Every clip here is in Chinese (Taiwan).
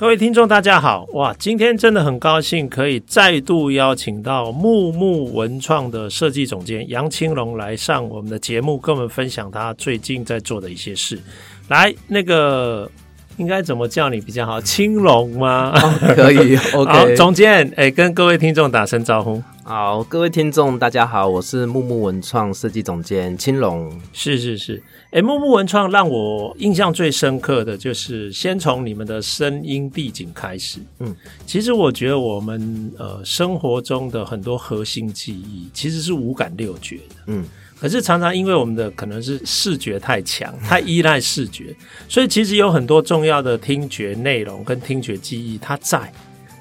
各位聽眾，大家好！哇，今天真的很高興可以再度邀請到目目文創的設計總監楊欽榮來上我們的節目，跟我們分享他最近在做的一些事。來，那個應該怎麼叫你比較好？欽榮嗎、哦？可以，OK、哦。總監，誒、哎、跟各位聽眾打聲招呼。好，各位聽眾，大家好，我是木木文創設計總監青龍。是是是，誒、欸，木木文創讓我印象最深刻的，就是先從你們的聲音地景開始。嗯，其實我覺得我們呃生活中的很多核心記憶，其實是五感六覺的。嗯，可是常常因為我們的可能是視覺太強，太依賴視覺， 所以其實有很多重要的聽覺內容跟聽覺記憶，它在，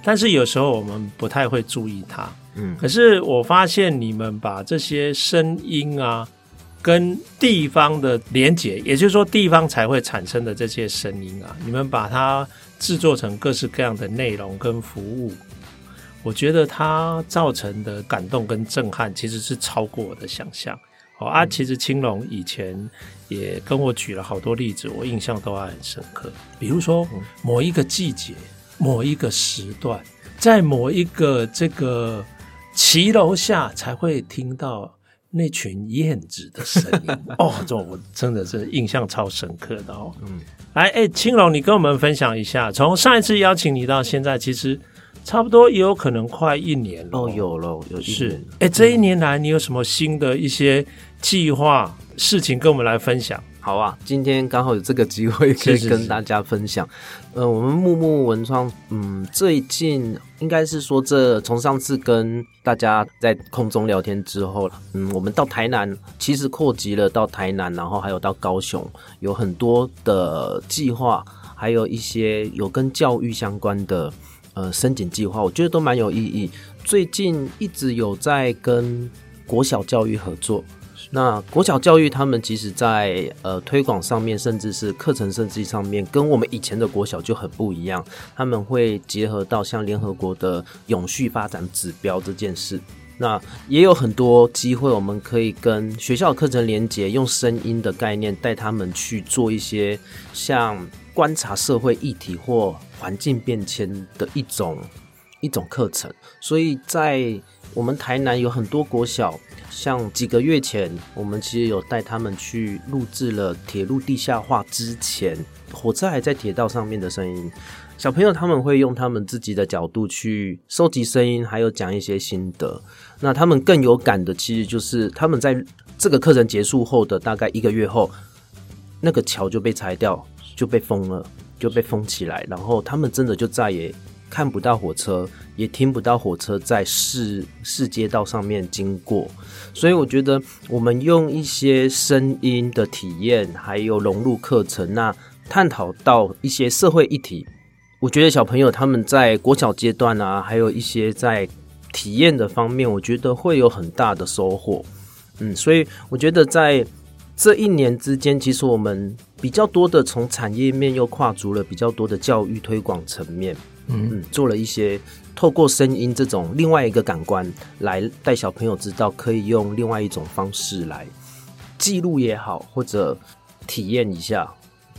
但是有時候我們不太會注意它。可是我發現你們把這些聲音啊，跟地方的連接，也就是說地方才會產生的這些聲音啊，你們把它制作成各式各樣的內容跟服務，我覺得它造成的感動跟震撼其實是超過我的想象。哦，啊，其實欽榮以前也跟我舉了好多例子，我印象都還很深刻。比如說某一個季節、某一個時段，在某一個這個。騎樓下才會聽到那群燕子的聲音 哦，這我真的是印象超深刻的哦。嗯，來，哎、欸，欽榮，你跟我們分享一下，從上一次邀請你到現在，其實差不多也有可能快一年了哦，有了，有了是。哎、欸，這一年來你有什麼新的一些計劃、嗯、事情，跟我們來分享？好啊，今天剛好有這個機會可以跟大家分享。嗯、呃，我們目目文創，嗯，最近應該是說，這從上次跟大家在空中聊天之後，嗯，我們到台南其實擴及了到台南，然後還有到高雄，有很多的計劃，還有一些有跟教育相關的呃申請計劃，我覺得都蠻有意義。最近一直有在跟國小教育合作。那國小教育，他們其實在呃推廣上面，甚至是課程設計上面，跟我們以前的國小就很不一樣。他們會結合到像聯合國的永續發展指標這件事，那也有很多機會，我們可以跟學校的課程連結，用聲音的概念帶他們去做一些像觀察社會議題或環境變遷的一種一種課程。所以在我們台南有很多國小，像幾個月前，我們其實有帶他們去錄製了鐵路地下化之前，火車還在鐵道上面的聲音。小朋友他們會用他們自己的角度去收集聲音，還有講一些心得。那他們更有感的，其實就是他們在這個課程結束後的大概一個月後，那個橋就被拆掉，就被封了，就被封起來，然後他們真的就再也看不到火車，也聽不到火車在市市街道上面經過，所以我覺得我們用一些聲音的體驗，還有融入課程啊，那探討到一些社會議題，我覺得小朋友他們在國小階段啊，還有一些在體驗的方面，我覺得會有很大的收穫。嗯，所以我覺得在這一年之間，其實我們比較多的從產業面又跨足了比較多的教育推廣層面。嗯，做了一些透過聲音這種另外一個感官來帶小朋友知道，可以用另外一種方式來記錄也好，或者體驗一下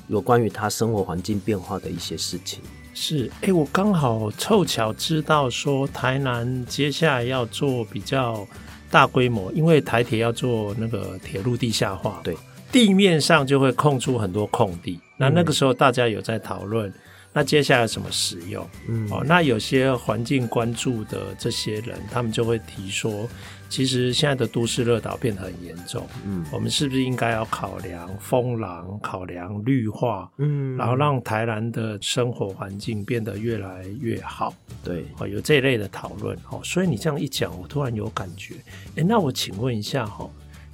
有關於他生活環境變化的一些事情。是，哎、欸，我剛好湊巧知道說台南接下來要做比較大規模，因為台鐵要做那個鐵路地下化，對，地面上就會空出很多空地。那那個時候大家有在討論。嗯那接下來怎麼使用？嗯，哦，那有些環境關注的這些人，他們就會提說，其實現在的都市熱島變得很嚴重，嗯，我們是不是應該要考量風廊，考量綠化，嗯，然後讓台南的生活環境變得越來越好？對，嗯、哦，有這一類的討論，哦，所以你這樣一講，我突然有感覺，誒、欸、那我請問一下，哈、哦。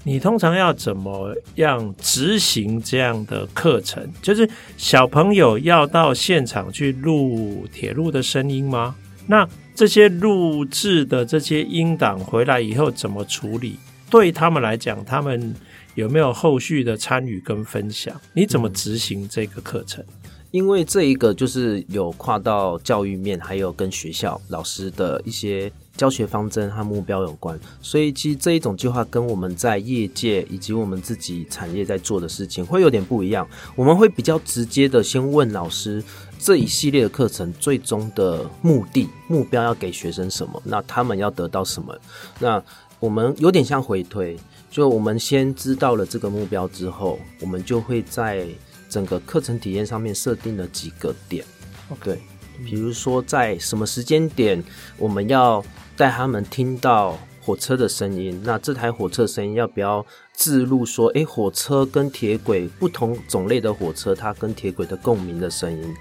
你通常要怎麼樣執行這樣的課程？就是小朋友要到現場去錄鐵路的聲音嗎？那這些錄製的這些音檔回來以後怎麼處理？對他們來講，他們有沒有後續的參與跟分享？你怎麼執行這個課程？嗯因為這一個就是有跨到教育面，還有跟學校老師的一些教學方針和目標有關，所以其實這一種計劃跟我們在業界以及我們自己產業在做的事情會有點不一樣。我們會比較直接的先問老師這一系列的課程最終的目的、目標要給學生什麼，那他們要得到什麼？那我們有點像回推，就我們先知道了這個目標之後，我們就會再。整個課程體驗上面設定了幾個點，OK，對，比如說在什麼時間點我們要帶他們聽到火車的聲音，那這台火車聲音要不要自錄？說，誒，火車跟鐵軌不同種類的火車，它跟鐵軌的共鳴的聲音，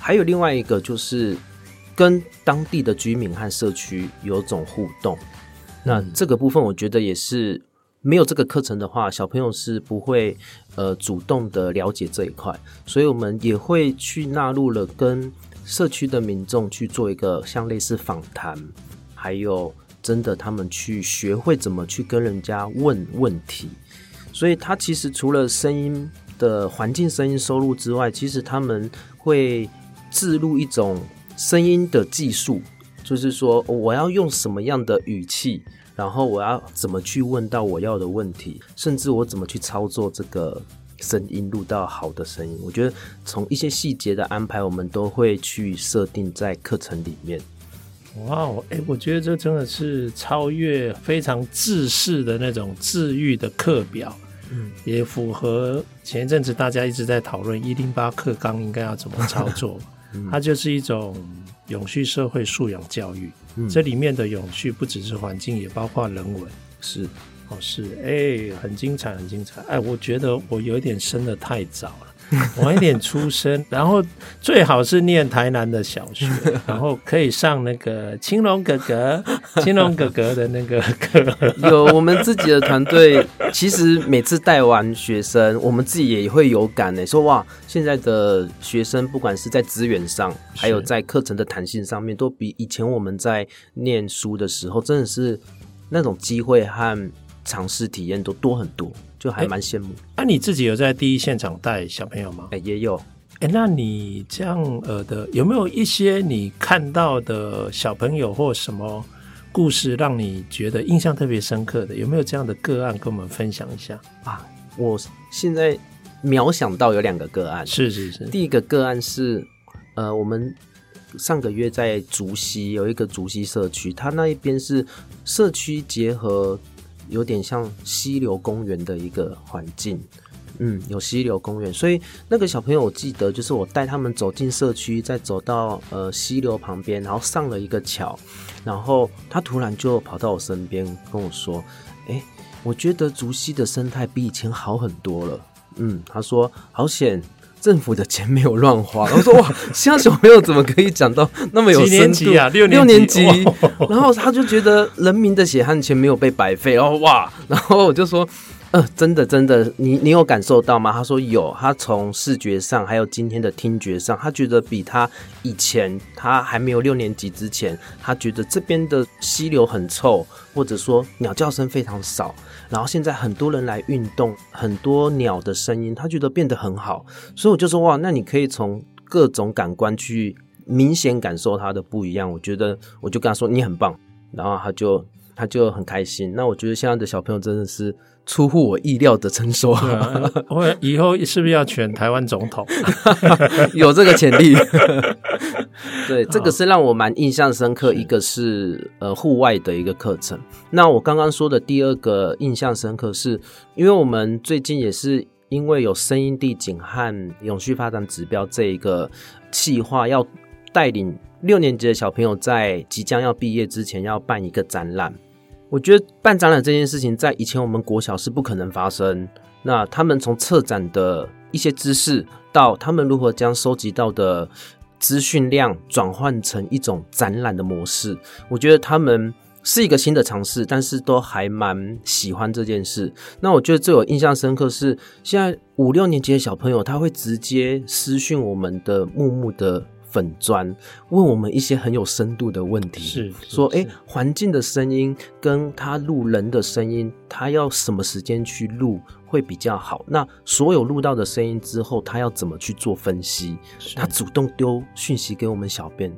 還有另外一個就是跟當地的居民和社區有種互動，那這個部分我覺得也是。沒有這個課程的話，小朋友是不會呃主動的了解這一塊，所以我們也會去納入了跟社區的民眾去做一個像類似訪談，還有真的他們去學會怎麼去跟人家問問題，所以他其實除了聲音的環境聲音收入之外，其實他們會置入一種聲音的技術。就是說，我要用什麼樣的語氣，然後我要怎麼去問到我要的問題，甚至我怎麼去操作這個聲音錄到好的聲音。我覺得從一些細節的安排，我們都會去設定在課程裡面。哇，哎、欸，我覺得這真的是超越非常制式的那種治癒的課表。嗯，也符合前一陣子大家一直在討論一零八課綱應該要怎麼操作。 嗯，它就是一種。永續社會素養教育。嗯，這裡面的永續不只是環境，也包括人文。是，哦，是，哎、欸，很精彩，很精彩。哎、欸，我覺得我有點生得太早了。 晚一點出生，然後最好是念台南的小學，然後可以上那個青龍哥哥、 青龍哥哥的那個課。有我們自己的團隊， 其實每次帶完學生，我們自己也會有感耶。說哇，現在的學生，不管是在資源上，還有在課程的彈性上面，都比以前我們在念書的時候，真的是那種機會和嘗試體驗都多很多。就還蠻羨慕。那、欸啊、你自己有在第一現場帶小朋友嗎？哎、欸，也有。哎、欸，那你這樣呃的，有沒有一些你看到的小朋友或什麼故事，讓你覺得印象特別深刻的？有沒有這樣的個案跟我們分享一下？啊，我現在秒想到有兩個個案，是是是。第一個個案是，呃，我們上個月在竹溪有一個竹溪社區，它那一邊是社區結合。有點像溪流公園的一個環境，嗯，有溪流公園，所以那個小朋友我記得，就是我帶他們走進社區，再走到呃溪流旁邊，然後上了一個橋，然後他突然就跑到我身邊跟我說：“哎、欸，我覺得竹溪的生態比以前好很多了。”嗯，他說：“好險。”政府的錢沒有亂花，我說，哇， 像小朋友怎麼可以講到那麼有深度啊？六年級，六年級，然後他就覺得人民的血汗錢沒有被白費 哦，哇！然後我就說。呃，真的，真的，你你有感受到嗎？他說有，他從視覺上，還有今天的聽覺上，他覺得比他以前，他還沒有六年級之前，他覺得這邊的溪流很臭，或者說鳥叫聲非常少，然後現在很多人來運動，很多鳥的聲音，他覺得變得很好。所以我就說，哇，那你可以從各種感官去明顯感受它的不一樣。我覺得我就跟他說，你很棒，然後他就。他就很開心。那我覺得現在的小朋友真的是出乎我意料的成熟。啊，我以後是不是要選台灣總統？ 有這個潛力。 對，這個是讓我蠻印象深刻。一個是呃戶外的一個課程。那我剛剛說的第二個印象深刻是，是因為我們最近也是因為有聲音地景和永續發展指標這一個計劃，要帶領六年級的小朋友在即將要畢業之前要辦一個展覽。我覺得辦展覽這件事情，在以前我們國小是不可能發生。那他們從策展的一些知識，到他們如何將收集到的資訊量轉換成一種展覽的模式，我覺得他們是一個新的嘗試，但是都還蠻喜歡這件事。那我覺得最有印象深刻是，現在五六年級的小朋友，他會直接私訊我們的目目的粉專問我們一些很有深度的問題，是，是，是說，哎、欸，環境的聲音跟他錄人的聲音，他要什麼時間去錄會比較好？那所有錄到的聲音之後，他要怎麼去做分析？他主動丟訊息給我們小編，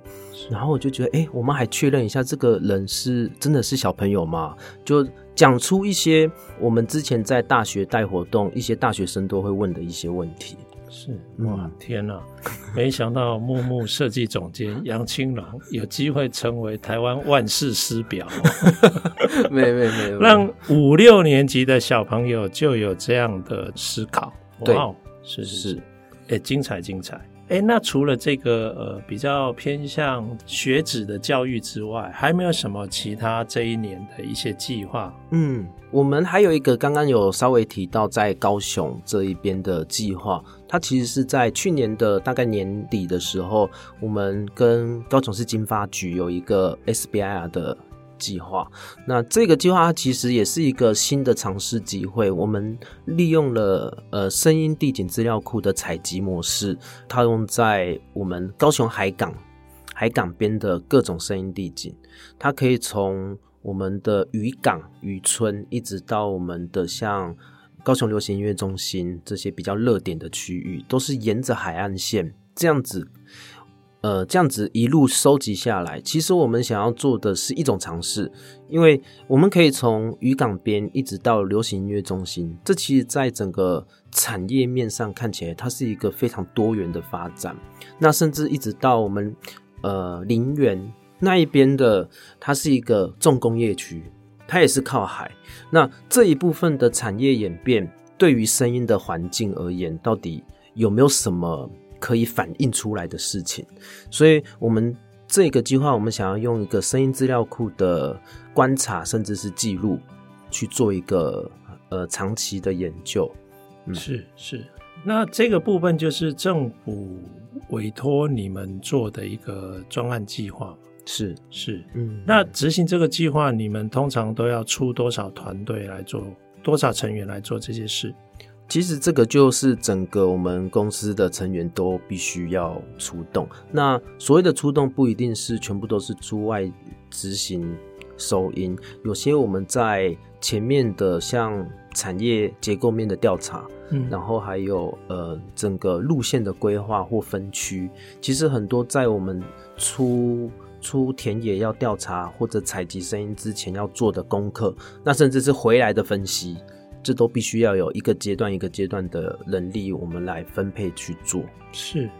然後我就覺得，哎、欸，我們還確認一下這個人是真的是小朋友嗎？就講出一些我們之前在大學帶活動一些大學生都會問的一些問題。是哇，嗯、天啊， 沒想到目目設計總監楊欽榮有機會成為台灣萬世師表。 沒有沒有沒有，讓五六年級的小朋友就有這樣的思考。對，哇，是、是是，哎，精彩精彩！哎，那除了這個呃比較偏向學子的教育之外，還沒有什麼其他這一年的一些計劃？嗯，我們還有一個剛剛有稍微提到在高雄這一邊的計劃。它其實是在去年的大概年底的時候，我們跟高雄市經發局有一個 SBIR 的計劃。那這個計劃它其實也是一個新的嘗試機會。我們利用了呃聲音地景資料庫的採集模式，套用在我們高雄海港海港邊的各種聲音地景。它可以從我們的漁港漁村，一直到我們的像。高雄流行音樂中心這些比較熱點的區域，都是沿着海岸線這樣子，呃，這樣子一路收集下來。其實我們想要做的是一種嘗試，因為我們可以從漁港邊一直到流行音樂中心，這其實在整個產業面上看起來，它是一個非常多元的發展。那甚至一直到我們呃林園那一邊的，它是一個重工業區。它也是靠海，那這一部分的產業演變對於聲音的環境而言，到底有沒有什麼可以反映出來的事情？所以，我們這個計劃，我們想要用一個聲音資料庫的觀察，甚至是記錄，去做一個呃長期的研究。嗯、是是，那這個部分就是政府委托你們做的一個專案計劃。是是，嗯，那執行這個計劃，你們通常都要出多少團隊來做，多少成員來做這些事？其實這個就是整個我們公司的成員都必須要出動。那所謂的出動，不一定是全部都是出外執行收音，有些我們在前面的像產業結構面的調查，嗯，然後還有呃整個路線的規劃或分區，其實很多在我們出。出田野要調查或者採集聲音之前要做的功課，那甚至是回來的分析，這都必須要有一個階段一個階段的能力，我們來分配去做。是，誒、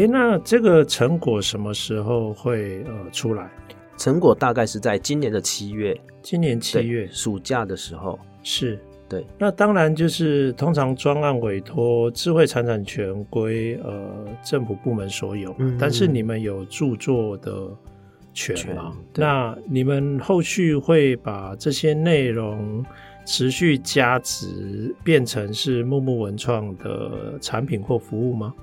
欸，那這個成果什麼時候會呃出來？成果大概是在今年的七月，今年七月暑假的時候是。對，那當然就是通常專案委託智慧財產權歸呃政府部門所有，嗯，但是你們有著作的。全，那你們後續會把這些內容持續加值變成是目目文創的產品或服務嗎？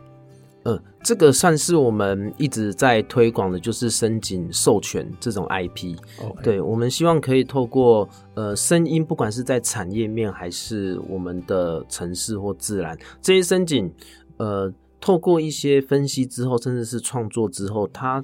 嗯、呃，這個算是我們一直在推廣的，就是聲景授權這種 IP、Okay.。對，我們希望可以透過呃聲音，不管是在產業面還是我們的城市或自然這些聲景，呃，透過一些分析之後，甚至是創作之後，它。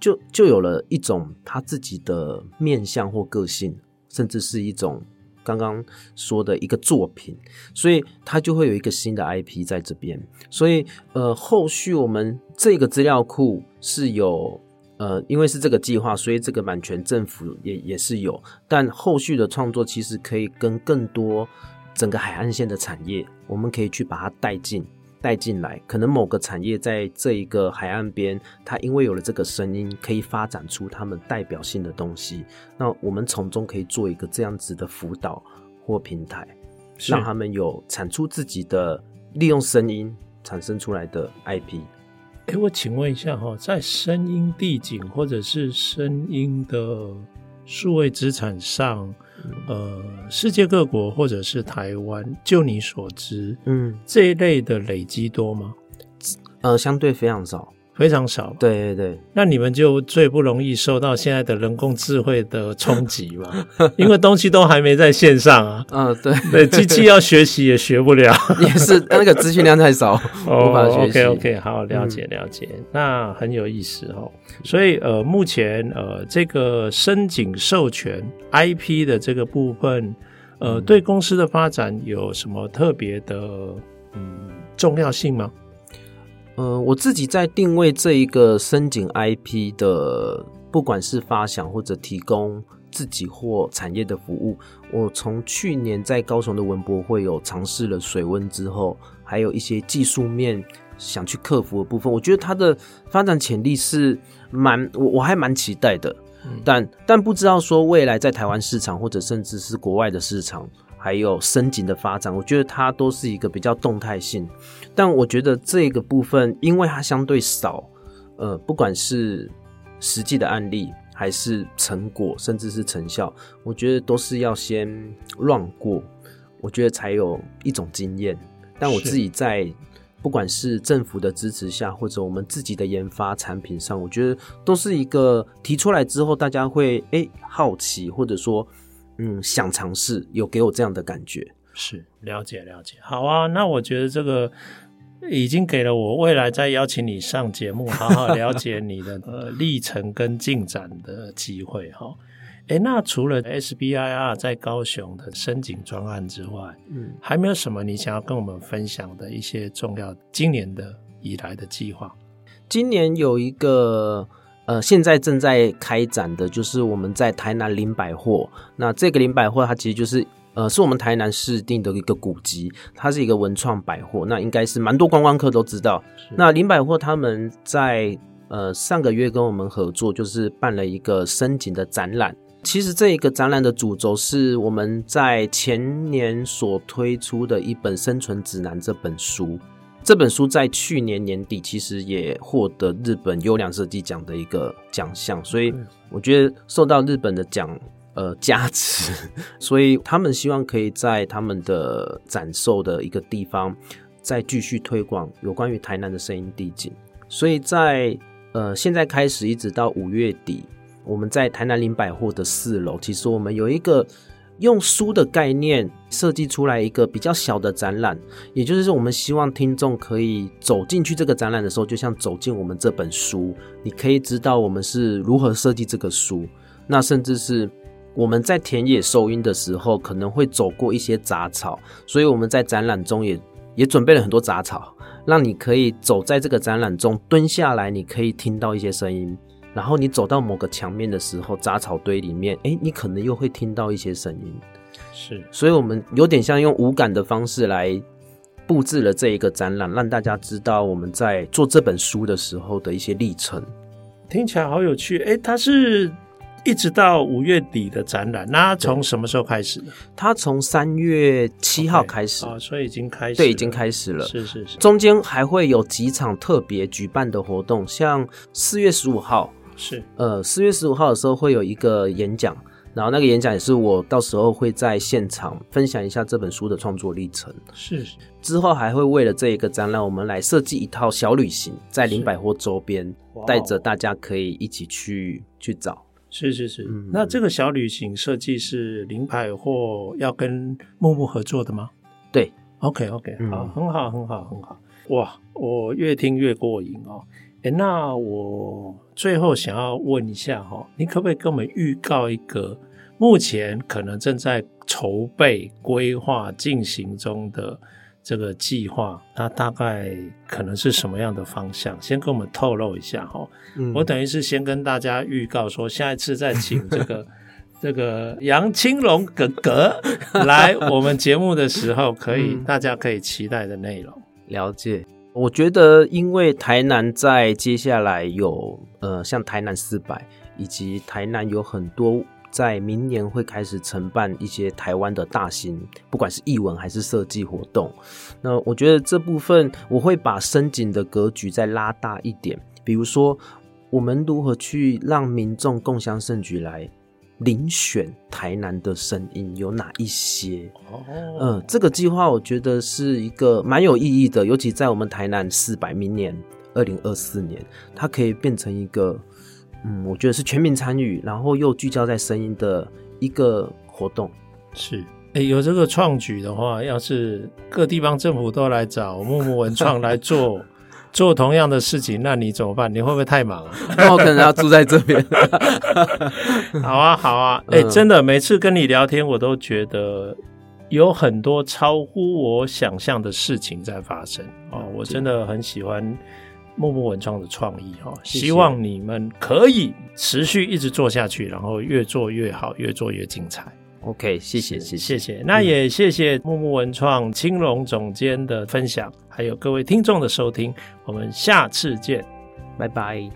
就就有了一種他自己的面相、或個性，甚至是一種剛剛說的一個作品，所以他就會有一個新的 IP 在這邊。所以呃，後續我們這個資料庫是有呃，因為是這個計劃，所以這個版權政府也也是有，但後續的創作其實可以跟更多整個海岸線的產業，我們可以去把它帶進。帶進來，可能某個產業在這一個海岸邊，它因為有了這個聲音，可以發展出他們代表性的東西。那我們從中可以做一個這樣子的輔導或平台，讓他們有產出自己的利用聲音產生出來的 IP。欸，我請問一下哈，在聲音地景或者是聲音的數位資產上。呃，世界各國或者是台灣，就你所知，嗯，這一類的累積多嗎？呃，相對非常少。非常少，對對對，那你們就最不容易受到現在的人工智慧的衝擊嘛， 因為東西都還沒在線上啊。嗯、啊，對對，機器要學習也學不了，也是那個資訊量太少，哦， 無法學習。Oh, OK OK，好，了解了解、嗯，那很有意思哦。所以呃，目前呃這個申請授權 IP 的這個部分，呃、嗯，對公司的發展有什麼特別的嗯重要性嗎？呃，我自己在定位這一個聲景 IP 的，不管是發想或者提供自己或產業的服務，我從去年在高雄的文博會有嘗試了水溫之後，還有一些技術面想去克服的部分，我覺得它的發展潛力是蠻，我我還蠻期待的，嗯、但但不知道說未來在台灣市場或者甚至是國外的市場，還有聲景的發展，我覺得它都是一個比較動態性。但我覺得這個部分，因為它相對少，呃，不管是實際的案例，還是成果，甚至是成效，我覺得都是要先 run 過，我覺得才有一種經驗。但我自己在，不管是政府的支持下，或者我們自己的研發產品上，我覺得都是一個提出來之後，大家會哎、欸、好奇，或者說。嗯，想嘗試有給我這樣的感覺，是了解了解。好啊，那我覺得這個已經給了我未來再邀請你上節目，好好了解你的 呃歷程跟進展的機會哈。誒、欸，那除了 SBIR 在高雄的深井專案之外，嗯，還沒有什麼你想要跟我們分享的一些重要今年的以來的計劃？今年有一個。呃，現在正在開展的就是我們在台南林百貨，那這個林百貨它其實就是呃是我們台南市定的一個古蹟，它是一個文創百貨，那應該是蠻多觀光客都知道。那林百貨他們在呃上個月跟我們合作，就是辦了一個聲景的展覽。其實這一個展覽的主軸是我們在前年所推出的一本生存指南這本書。這本書在去年年底其實也獲得日本優良設計獎的一個獎項，所以我覺得受到日本的獎呃加持，所以他們希望可以在他們的展售的一個地方再繼續推廣有關於台南的聲音地景，所以在呃現在開始一直到五月底，我們在台南林百貨的四樓，其實我們有一個。用書的概念設計出來一個比較小的展覽，也就是說，我們希望聽眾可以走進去這個展覽的時候，就像走進我們這本書，你可以知道我們是如何設計這個書。那甚至是我們在田野收音的時候，可能會走過一些雜草，所以我們在展覽中也也準備了很多雜草，讓你可以走在這個展覽中蹲下來，你可以聽到一些聲音。然後你走到某個牆面的時候，雜草堆裡面，哎，你可能又會聽到一些聲音。是，所以，我們有點像用五感的方式來布置了這一個展覽，讓大家知道我們在做這本書的時候的一些歷程。聽起來好有趣，哎，它是一直到五月底的展覽，那從什麼時候開始？它從三月七號開始，Okay，啊，所以已經開始，對，已經開始了。是是是，中間還會有幾場特別舉辦的活動，像四月十五號。是，呃，四月十五號的時候會有一個演講，然後那個演講也是我到時候會在現場分享一下這本書的創作歷程。是，之後還會為了這一個展覽，我們來設計一套小旅行，在林百貨周邊，帶着、wow、大家可以一起去去找。是是是,是、嗯，那這個小旅行設計是林百貨要跟目目合作的嗎？對，OK OK，、嗯、好，很好，很好，很好。哇，我越聽越過癮哦。哎、欸，那我。最後想要問一下哈，你可不可以給我們預告一個目前可能正在籌備、規劃、進行中的這個計劃？它大概可能是什麼樣的方向？先跟我們透露一下哈、嗯。我等於是先跟大家預告說，下一次再請這個 這個楊欽榮哥哥來我們節目的時候，可以、嗯、大家可以期待的內容。了解。我覺得，因為台南在接下來有，呃，像台南四百，以及台南有很多在明年會開始承辦一些台灣的大型，不管是藝文還是設計活動，那我覺得這部分我會把聲景的格局再拉大一點，比如說我們如何去讓民眾共襄盛舉來。遴選台南的聲音有哪一些？哦，嗯，這個計劃我覺得是一個蠻有意義的，尤其在我們台南四百，明年二零二四年，它可以變成一個，嗯，我覺得是全民參與，然後又聚焦在聲音的一個活動。是，哎、欸，有這個創舉的話，要是各地方政府都來找目目文創 來做，做同樣的事情，那你怎麼辦？你會不會太忙了、啊？那我可能要住在這邊。好啊，好啊、欸，真的，每次跟你聊天，我都覺得有很多超乎我想象的事情在發生哦、嗯。我真的很喜歡目目文創的創意哦，謝謝，希望你們可以持續一直做下去，然後越做越好，越做越精彩。OK，謝謝，謝謝，謝謝。嗯、那也謝謝目目文創欽榮總監的分享，還有各位聽眾的收聽。我們下次見，拜拜。